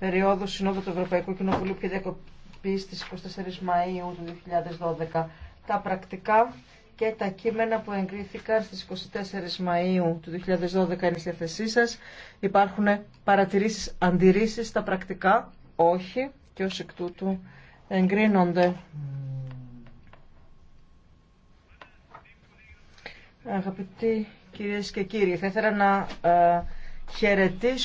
περίοδου Συνόδου του Ευρωπαϊκού Κοινοβουλίου και διακοπή στις 24 Μαΐου του 2012. Τα πρακτικά και τα κείμενα που εγκρίθηκαν στις 24 Μαΐου του 2012 είναι στη θέσή σας. Υπάρχουν παρατηρήσεις, αντιρρήσεις στα πρακτικά. Όχι και ως εκ τούτου εγκρίνονται. Αγαπητοί κυρίες και κύριοι, θα ήθελα να ε, χαιρετήσω